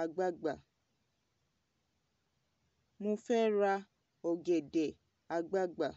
àgbagbà, mo fẹ́ ra ọ̀gẹ̀dẹ̀ àgbagbà